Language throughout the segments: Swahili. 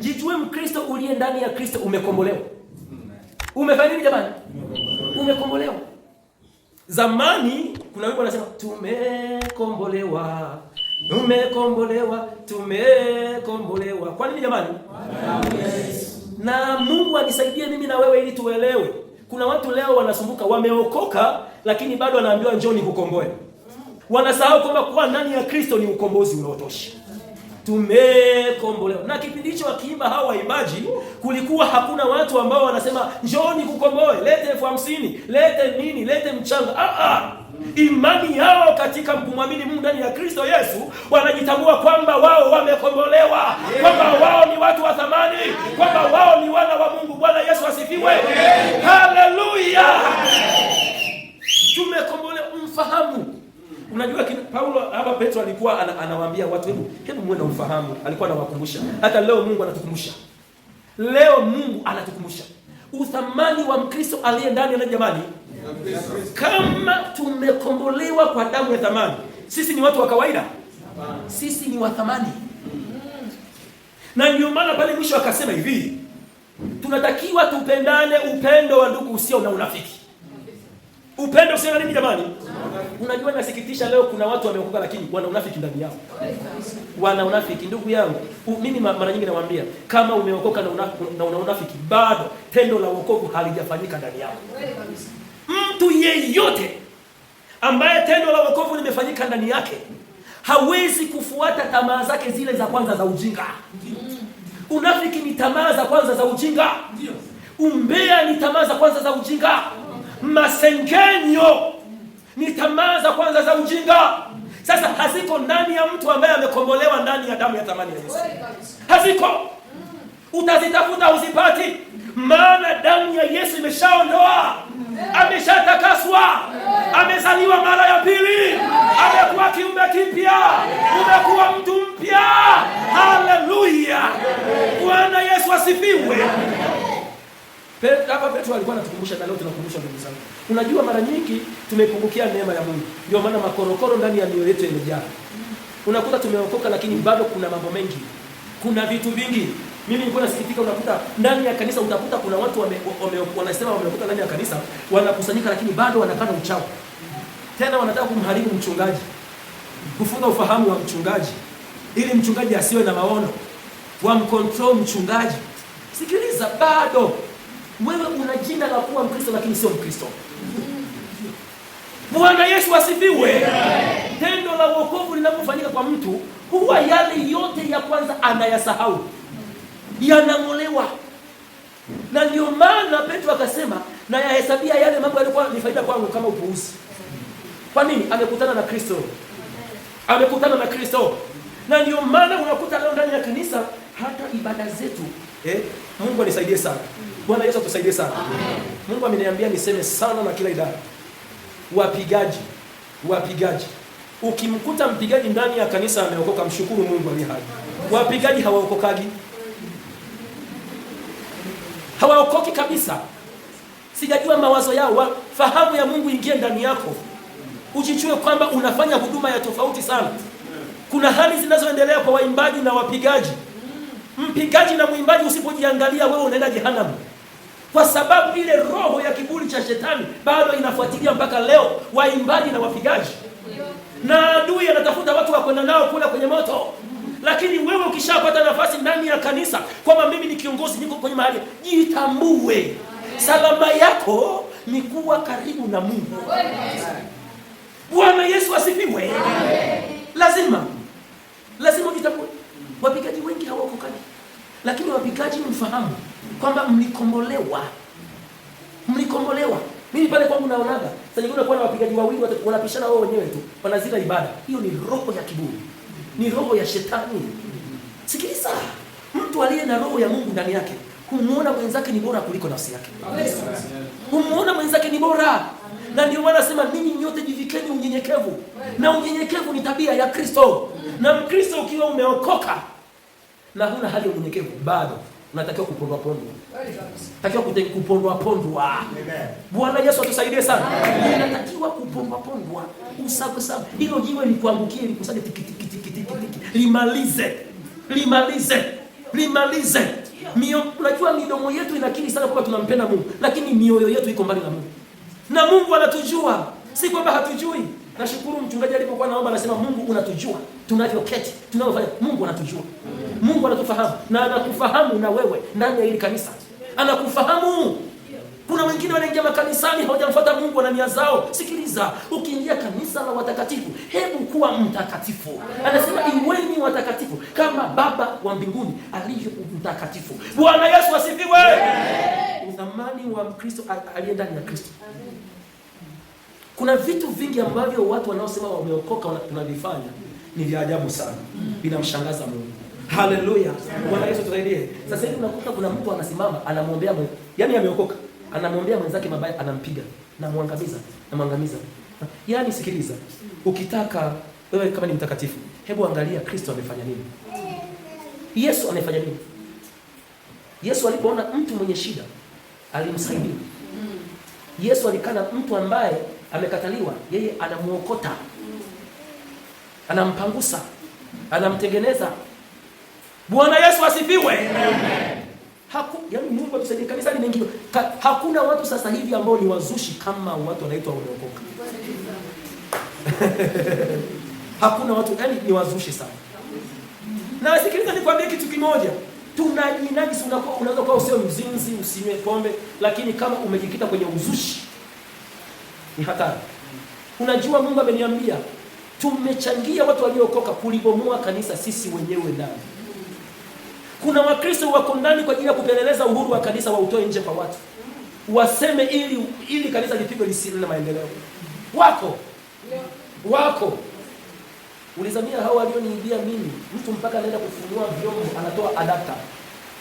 jijue Mkristo uliye ndani ya Kristo umekombolewa. Umefanya nini jamani? Umekombolewa. Zamani kuna wimbo anasema tumekombolewa. Tumekombolewa, tumekombolewa. Kwa nini jamani? Na Mungu anisaidie mimi na wewe ili tuelewe. Kuna watu leo wanasumbuka, wameokoka lakini bado wanaambiwa njoni kukomboe. Wanasahau kwamba kuwa ndani ya Kristo ni ukombozi unaotosha tumekombolewa. Na kipindi hicho wakiimba hao waimbaji, kulikuwa hakuna watu ambao wanasema njoni kukomboe, lete elfu hamsini lete nini, lete mchanga. Ah, ah. Imani yao katika kumwamini Mungu ndani ya Kristo Yesu, wanajitambua kwamba wao wamekombolewa, kwamba wao ni watu wa thamani, kwamba wao ni wana wa Mungu. Bwana Yesu asifiwe, haleluya, tumekombolewa. Mfahamu Unajua kina Paulo hapa Petro alikuwa ana, anawaambia watu hebu hebu muwe na ufahamu, alikuwa anawakumbusha. Hata leo Mungu anatukumbusha. Leo Mungu anatukumbusha uthamani wa Mkristo aliye ndani ya jamani. Kama tumekombolewa kwa damu ya thamani, sisi ni watu wa kawaida? Sisi ni wa thamani. Na ndio maana pale mwisho akasema hivi, tunatakiwa tupendane upendo wa ndugu usio na unafiki. Upendo usio na nini jamani? Unajua nasikitisha leo kuna watu wameokoka lakini wana unafiki ndani yao. Wana unafiki ndugu yangu. mimi mara nyingi nawaambia kama umeokoka na, una, na una unafiki bado tendo la wokovu halijafanyika ndani yako. Mtu yeyote ambaye tendo la wokovu limefanyika ndani yake hawezi kufuata tamaa zake zile za kwanza za ujinga. Unafiki ni tamaa za kwanza za ujinga. Umbea ni tamaa za kwanza za ujinga. Masengenyo ni tamaa za kwanza za ujinga. Sasa haziko ndani ya mtu ambaye amekombolewa ndani ya damu ya thamani ya Yesu, haziko. Utazitafuta uzipati, maana damu ya Yesu imeshaondoa, ameshatakaswa, amezaliwa mara ya pili, amekuwa kiumbe kipya, umekuwa mtu mpya. Haleluya! Bwana Yesu asifiwe. Hapa Petro alikuwa anatukumbusha na leo tunakumbusha ndugu zangu. Unajua mara nyingi tumepungukia neema ya Mungu. Ndio maana makorokoro ndani ya mioyo yetu imejaa Unakuta tumeokoka lakini bado kuna mambo mengi. Kuna vitu vingi. Mimi nilikuwa nasikitika, unakuta ndani ya kanisa utakuta kuna watu wame, wame, wanasema wameokoka ndani ya kanisa, wanakusanyika lakini bado wanakana uchao Tena wanataka kumharibu mchungaji. Kufunga ufahamu wa mchungaji ili mchungaji asiwe na maono. Wamcontrol mchungaji. Sikiliza bado wewe una jina la kuwa Mkristo lakini sio Mkristo. Bwana Yesu asifiwe. Tendo la wokovu linapofanyika kwa mtu, huwa yale yote ya kwanza anayasahau, yanang'olewa. Na ndio maana Petro akasema, na yahesabia yale mambo yalikuwa ni faida kwangu kama upuuzi. Kwa nini? Amekutana na Kristo, amekutana na Kristo. Na ndio maana unakuta leo ndani ya kanisa hata ibada zetu Eh, Mungu anisaidie sana. Bwana Yesu atusaidie sana. Amen. Mungu ameniambia niseme sana na kila idara. Wapigaji, wapigaji. Ukimkuta mpigaji ndani ya kanisa ameokoka, mshukuru Mungu aliye hai. Wapigaji hawaokokagi Hawaokoki kabisa. Sijajua mawazo yao. fahamu ya Mungu ingie ndani yako. Ujichue kwamba unafanya huduma ya tofauti sana. Kuna hali zinazoendelea kwa waimbaji na wapigaji. Mpigaji na mwimbaji usipojiangalia wewe unaenda jehanamu, kwa sababu ile roho ya kiburi cha shetani bado inafuatilia mpaka leo waimbaji na wapigaji, na adui anatafuta watu wa kwenda nao kula kwenye moto. Lakini wewe ukishapata nafasi ndani ya kanisa kwamba mimi ni kiongozi, niko kwenye mahali, jitambue. Salama yako ni kuwa karibu na Mungu. Bwana Yesu asifiwe. Lazima lazima ujitambue. Wapigaji wengi hawako lakini wapigaji mfahamu kwamba mlikombolewa, mlikombolewa. Mimi pale kwangu naonaga sasa, na wapigaji wawili wanapishana wao wenyewe tu, wanazila ibada. Hiyo ni roho ya kiburi, ni roho ya shetani. Sikiliza, mtu aliye na roho ya Mungu ndani yake humuona mwenzake ni bora kuliko nafsi yake, humuona mwenzake ni bora na ndio maana nasema ninyi nyote jivikeni unyenyekevu, na unyenyekevu ni tabia ya Kristo. Na Mkristo ukiwa umeokoka na huna hali ya unyenyekevu bado unatakiwa kupondwa pondwa, takiwa kupondwa pondwa. Bwana Yesu atusaidie sana. Unatakiwa kupondwa pondwa, usabu sabu. Hilo jiwe likuangukie, likusaje tikitiki limalize limalize limalize. Mio, unajua midomo yetu inakiri sana kwamba tunampenda Mungu, lakini mioyo yetu iko mbali na Mungu, na Mungu anatujua, si kwamba hatujui. Nashukuru mchungaji alipokuwa naomba anasema Mungu unatujua tunavyoketi, tunavyofanya. Mungu anatujua. Mungu anatufahamu na anakufahamu na wewe ndani ya hili kanisa. Anakufahamu. Kuna wengine wanaingia makanisani hawajamfuata Mungu na nia zao. Sikiliza, ukiingia kanisa la watakatifu, hebu kuwa mtakatifu. Anasema iweni watakatifu kama Baba wa mbinguni alivyo mtakatifu. Bwana Yesu asifiwe. Uthamani wa Mkristo aliye ndani ya Kristo. Kuna vitu vingi ambavyo watu wanaosema wameokoka tunavifanya ni vya ajabu sana, vinamshangaza Mungu. Haleluya, Bwana Yesu tusaidie. Sasa hivi unakuta kuna mtu anasimama anamwombea, yaani ameokoka, anamwombea mwenzake mabaya, anampiga na mwangamiza na mwangamiza. Yaani sikiliza, ukitaka wewe kama ni mtakatifu, hebu angalia Kristo amefanya nini, Yesu amefanya nini. Yesu alipoona mtu mwenye shida alimsaidia. Yesu alikana mtu ambaye amekataliwa, yeye anamuokota, anampangusa, anamtengeneza. Bwana Yesu asifiwe. Haku, yaani Mungu atusaidie. Kanisa Ka, hakuna watu sasa hivi ambao ni wazushi kama watu wanaitwa wameokoka. Hakuna watu yani ni wazushi sana. Na sikiliza nikwambie kitu kimoja. Tunajinajisi, unakuwa unaweza kuwa usio mzinzi, usinywe pombe, lakini kama umejikita kwenye uzushi ni hatari. Unajua, Mungu ameniambia tumechangia watu waliokoka kulibomoa kanisa sisi wenyewe ndani. Kuna Wakristo wako ndani kwa ajili ya kupeleleza uhuru wa kanisa wautoe nje kwa watu waseme, ili ili kanisa lipigwe lisiwe na maendeleo. Wako wako ulizamia hao walioniibia mimi. Mtu mpaka anaenda kufunua vyombo, anatoa adapta,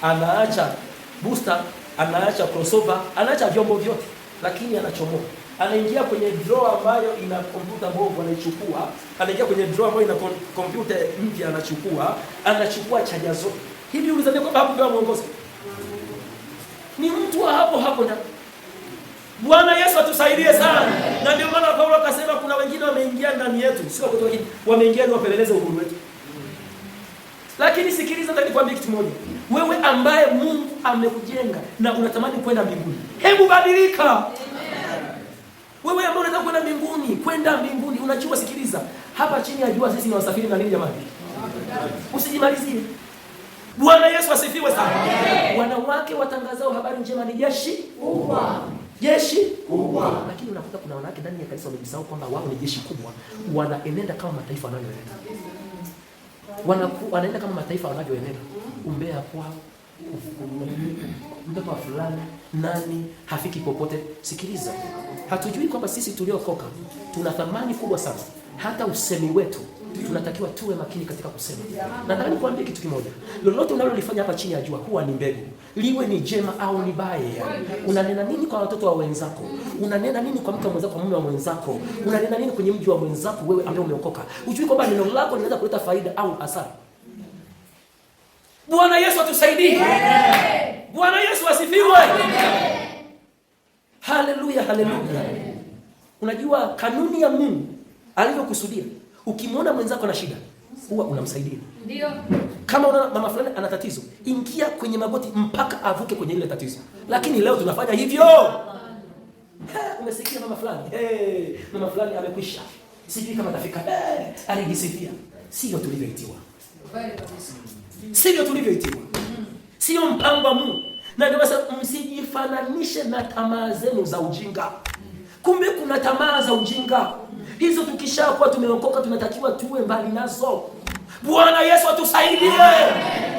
anaacha booster, anaacha crossover, anaacha vyombo vyote, lakini anachomoa anaingia kwenye draw ambayo ina kompyuta bovu, anaichukua, anaingia kwenye draw ambayo ina kompyuta mpya, anachukua, anachukua chaja zote. Hivi ulizania kwamba hapo ndio mwongozo? Ni mtu wa hapo hapo na Bwana Yesu atusaidie sana. Na ndio maana Paulo akasema kuna wengine wameingia ndani yetu, sio kutoka hivi. Wameingia ili wapeleleze uhuru wetu. Lakini sikiliza, nataka nikwambie kitu moja. Wewe ambaye Mungu amekujenga na unatamani kwenda mbinguni, hebu badilika. Wewe ambao unataka kwenda mbinguni, kwenda mbinguni, unachua sikiliza, hapa chini ya jua sisi ni wasafiri na nini jamani? Usijimalizie. Bwana Yesu asifiwe sana. Wanawake watangazao habari njema ni jeshi kubwa. Jeshi kubwa. Lakini unakuta kuna wanawake ndani ya kanisa wamejisahau kwamba wao ni jeshi kubwa. Wanaenenda kama mataifa wanavyoenenda. wanaenda kama mataifa wanavyoenenda. Umbea kwao, mtoto wa fulani nani hafiki popote. Sikiliza, hatujui kwamba sisi tuliokoka tuna thamani kubwa sana. Hata usemi wetu tunatakiwa tuwe makini katika kusema. Nataka nikuambie kitu kimoja, lolote unalolifanya hapa chini ya jua huwa ni mbegu, liwe ni jema au ni baya. Unanena nini kwa watoto wa wenzako? Unanena nini kwa mke mwenzako, mume wa mwenzako? Unanena nini kwenye mji wa mwenzako, wewe ambaye umeokoka? Hujui kwamba neno lako linaweza kuleta faida au hasara. Bwana Yesu atusaidie. Bwana Yesu asifiwe. Haleluya, haleluya. Unajua kanuni ya Mungu alivyokusudia, ukimwona mwenzako na shida huwa unamsaidia. Ndio. Kama una mama fulani ana tatizo, ingia kwenye magoti mpaka avuke kwenye ile tatizo. Lakini leo tunafanya hivyo. Umesikia mama fulani? Eh, mama fulani amekwisha. Sijui kama atafika. Eh, alijisifia. Sio tulivyoitiwa. Sivyo tulivyoitiwa, sio mpango wa Mungu. Na ndio msijifananishe na tamaa zenu za ujinga. Kumbe kuna tamaa za ujinga hizo, tukishakuwa tumeokoka tunatakiwa tuwe mbali nazo. Bwana Yesu atusaidie.